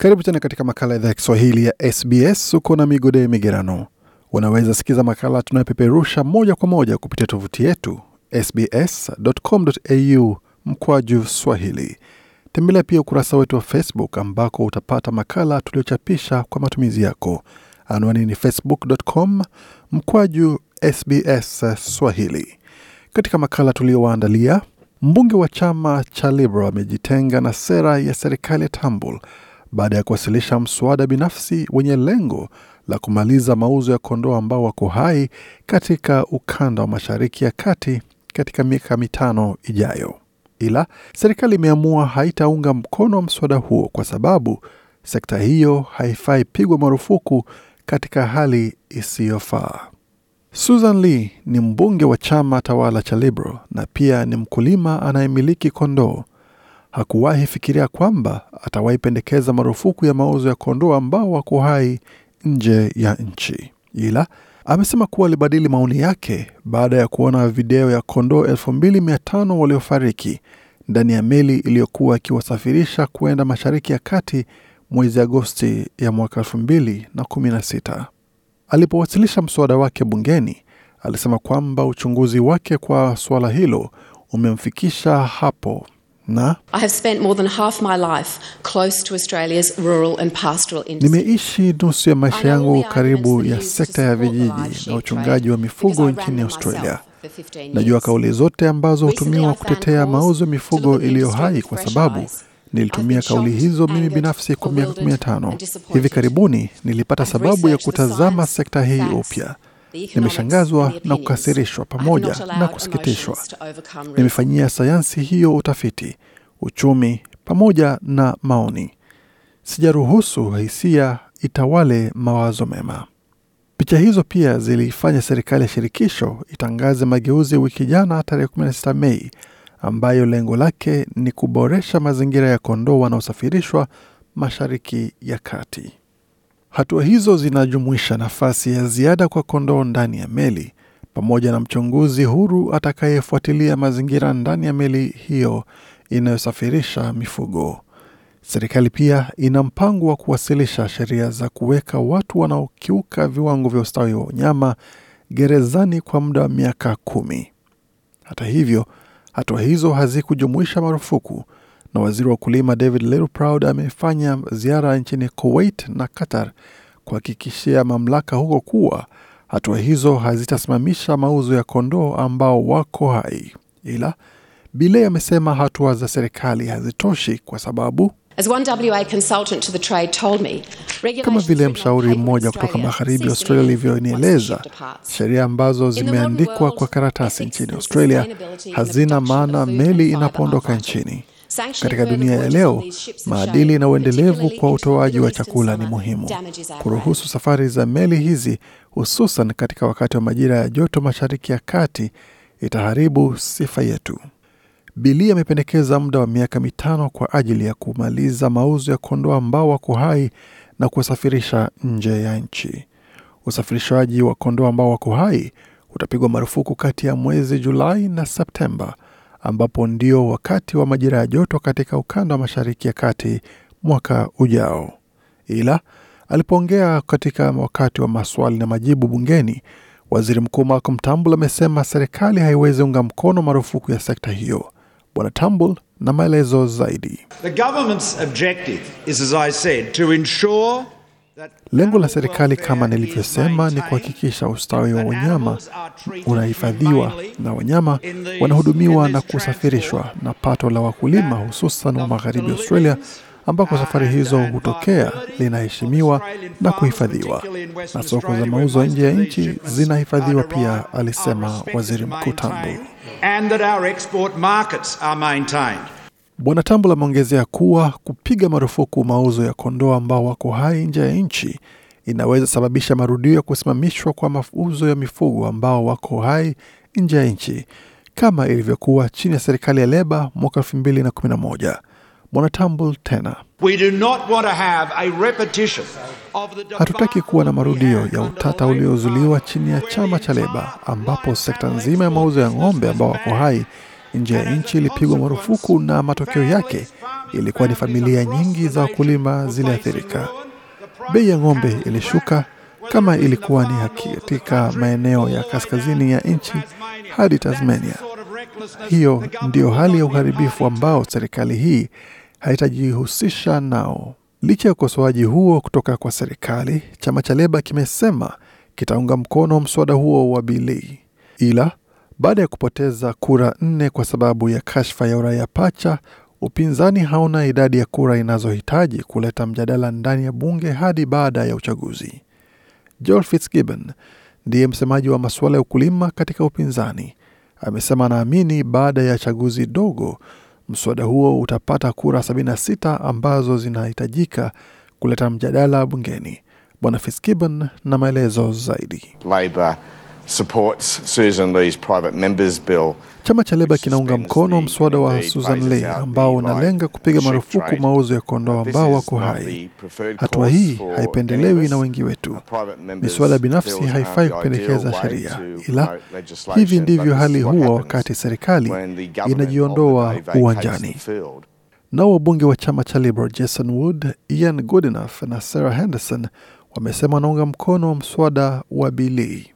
Karibu tena katika makala idhaa ya Kiswahili ya SBS. Uko na migode Migerano. Unaweza sikiza makala tunayopeperusha moja kwa moja kupitia tovuti yetu sbs.com.au mkwaju swahili. Tembelea pia ukurasa wetu wa Facebook ambako utapata makala tuliochapisha kwa matumizi yako. Anwani ni facebook.com mkwaju sbs swahili. Katika makala tuliyowaandalia, mbunge wa chama cha Liberal amejitenga na sera ya serikali ya tambul baada ya kuwasilisha mswada binafsi wenye lengo la kumaliza mauzo ya kondoo ambao wako hai katika ukanda wa Mashariki ya Kati katika miaka mitano ijayo. Ila serikali imeamua haitaunga mkono wa mswada huo kwa sababu sekta hiyo haifai pigwa marufuku katika hali isiyofaa. Susan Lee ni mbunge wa chama tawala cha Liberal na pia ni mkulima anayemiliki kondoo hakuwahi fikiria kwamba atawahipendekeza marufuku ya mauzo ya kondoo ambao wako hai nje ya nchi, ila amesema kuwa alibadili maoni yake baada ya kuona video ya kondoo 2500 waliofariki ndani ya meli iliyokuwa ikiwasafirisha kuenda Mashariki ya Kati mwezi Agosti ya mwaka 2016. Alipowasilisha mswada wake bungeni, alisema kwamba uchunguzi wake kwa suala hilo umemfikisha hapo na nimeishi nusu ya maisha yangu karibu ya sekta ya vijiji na uchungaji wa mifugo nchini Australia. Najua kauli zote ambazo hutumiwa kutetea mauzo ya mifugo iliyo hai kwa sababu nilitumia kauli hizo mimi binafsi kwa miaka 15. Hivi karibuni nilipata sababu ya kutazama sekta hii upya. Nimeshangazwa na kukasirishwa pamoja na kusikitishwa. Nimefanyia sayansi hiyo utafiti uchumi pamoja na maoni. Sijaruhusu hisia itawale mawazo mema. Picha hizo pia ziliifanya serikali ya shirikisho itangaze mageuzi wiki jana tarehe 16 Mei, ambayo lengo lake ni kuboresha mazingira ya kondoo wanaosafirishwa Mashariki ya Kati. Hatua hizo zinajumuisha nafasi ya ziada kwa kondoo ndani ya meli pamoja na mchunguzi huru atakayefuatilia mazingira ndani ya meli hiyo inayosafirisha mifugo. Serikali pia ina mpango wa kuwasilisha sheria za kuweka watu wanaokiuka viwango vya ustawi wa unyama gerezani kwa muda wa miaka kumi. Hata hivyo, hatua hizo hazikujumuisha marufuku, na waziri wa kulima David Littleproud amefanya ziara nchini Kuwait na Qatar kuhakikishia mamlaka huko kuwa hatua hizo hazitasimamisha mauzo ya kondoo ambao wako hai, ila Bile amesema hatua za serikali hazitoshi kwa sababu kama vile mshauri mmoja kutoka magharibi Australia alivyonieleza, sheria ambazo zimeandikwa kwa karatasi nchini Australia hazina maana meli inapoondoka nchini. Katika dunia ya leo, maadili na uendelevu kwa utoaji wa chakula ni muhimu. Kuruhusu safari za meli hizi, hususan katika wakati wa majira ya joto mashariki ya kati, itaharibu sifa yetu. Bili amependekeza muda wa miaka mitano kwa ajili ya kumaliza mauzo ya kondoo ambao wako hai na kuwasafirisha nje ya nchi. Usafirishaji wa kondoo ambao wako hai utapigwa marufuku kati ya mwezi Julai na Septemba, ambapo ndio wakati wa majira ya joto katika ukanda wa Mashariki ya Kati mwaka ujao. Ila alipoongea katika wakati wa maswali na majibu bungeni, waziri mkuu Malcolm Turnbull amesema serikali haiwezi unga mkono marufuku ya sekta hiyo. Bwana Tambul na maelezo zaidi. Lengo la serikali kama nilivyosema, ni kuhakikisha ustawi wa wanyama unahifadhiwa na wanyama wanahudumiwa na kusafirishwa, na pato la wakulima hususan wa magharibi Australia ambako safari hizo uh, hutokea linaheshimiwa na kuhifadhiwa, na soko za mauzo nje ya nchi zinahifadhiwa pia, alisema Waziri Mkuu tambu Bwana tambul ameongezea kuwa kupiga marufuku mauzo ya kondoo ambao wako hai nje ya nchi inaweza sababisha marudio ya kusimamishwa kwa mauzo ya mifugo ambao wako hai nje ya nchi kama ilivyokuwa chini ya serikali ya Leba mwaka 211 Bwana tena, hatutaki kuwa na marudio ya utata uliozuliwa chini ya chama cha Leba, ambapo sekta nzima ya mauzo ya ng'ombe ambao wako hai nje ya nchi ilipigwa marufuku, na matokeo yake ilikuwa ni familia nyingi za wakulima ziliathirika. Bei ya ng'ombe ilishuka kama ilikuwa ni katika maeneo ya kaskazini ya nchi hadi Tasmania. Hiyo ndiyo hali ya uharibifu ambao serikali hii haitajihusisha nao. Licha ya ukosoaji huo kutoka kwa serikali, chama cha Leba kimesema kitaunga mkono mswada huo wa bili, ila baada ya kupoteza kura nne kwa sababu ya kashfa ya uraia pacha, upinzani haona idadi ya kura inazohitaji kuleta mjadala ndani ya bunge hadi baada ya uchaguzi. Joel Fitzgibbon ndiye msemaji wa masuala ya ukulima katika upinzani amesema anaamini baada ya chaguzi dogo mswada huo utapata kura 76 ambazo zinahitajika kuleta mjadala bungeni. Bwana Fitzgibbon na maelezo zaidi. Labor Chama cha Leba kinaunga mkono mswada wa Susan lee ambao unalenga kupiga marufuku mauzo ya kondoo ambao wako hai. Hatua hii haipendelewi na wengi wetu. Miswada binafsi haifai kupendekeza sheria, ila hivi ndivyo hali huwa wakati serikali inajiondoa uwanjani. Nao wabunge wa chama cha Liberal Jason Wood, Ian Goodenough na Sarah Henderson wamesema wanaunga mkono mswada wa Bilii.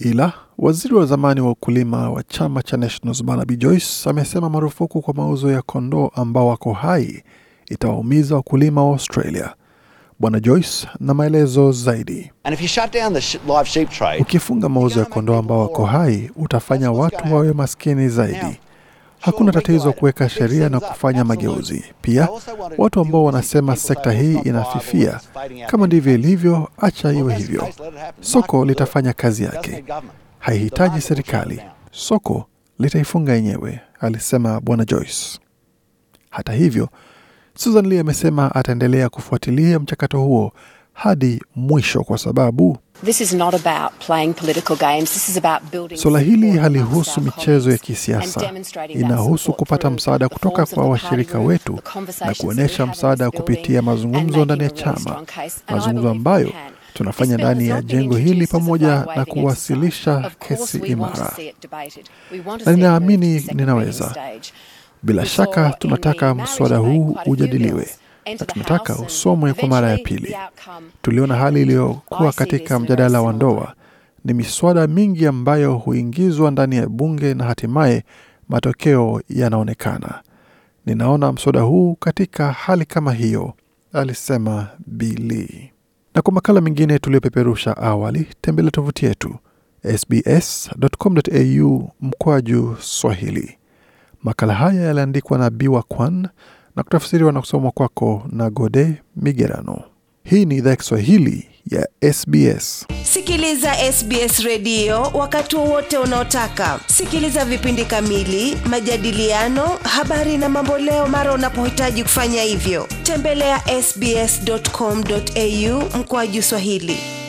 Ila waziri wa zamani wa ukulima wa chama cha Nationals Barnaby Joyce amesema marufuku kwa mauzo ya kondoo ambao wako hai itawaumiza wakulima wa Australia. Bwana Joyce na maelezo zaidi. Ukifunga mauzo ya kondoo ambao wako hai utafanya watu wawe maskini zaidi. Hakuna tatizo kuweka sheria na kufanya mageuzi. Pia watu ambao wanasema sekta hii inafifia, kama ndivyo ilivyo, acha iwe hivyo. Soko litafanya kazi yake, haihitaji serikali. Soko litaifunga yenyewe, alisema Bwana Joyce. Hata hivyo, Susan Lee amesema ataendelea kufuatilia mchakato huo hadi mwisho kwa sababu Suala hili halihusu michezo ya kisiasa, inahusu kupata msaada kutoka kwa washirika wetu na kuonyesha msaada kupitia mazungumzo ndani ya chama, mazungumzo ambayo tunafanya ndani ya jengo hili pamoja na kuwasilisha kesi imara, na ninaamini ninaweza. Bila shaka tunataka mswada huu ujadiliwe tunataka usomwe kwa mara ya pili. Tuliona hali iliyokuwa katika mjadala wa ndoa. Ni miswada mingi ambayo huingizwa ndani ya bunge na hatimaye matokeo yanaonekana. Ninaona mswada huu katika hali kama hiyo, alisema Bili. Na kwa makala mengine tuliyopeperusha awali, tembele tovuti yetu sbs.com.au mkwaju Swahili. Makala haya yaliandikwa na Biwa Kwan na kutafsiriwa na kusomwa kwako na Gode Migerano. Hii ni idhaa ya Kiswahili ya SBS. Sikiliza SBS redio wakati wowote unaotaka. Sikiliza vipindi kamili, majadiliano, habari na mamboleo mara unapohitaji kufanya hivyo. Tembelea ya sbs.com.au mkoaju Swahili.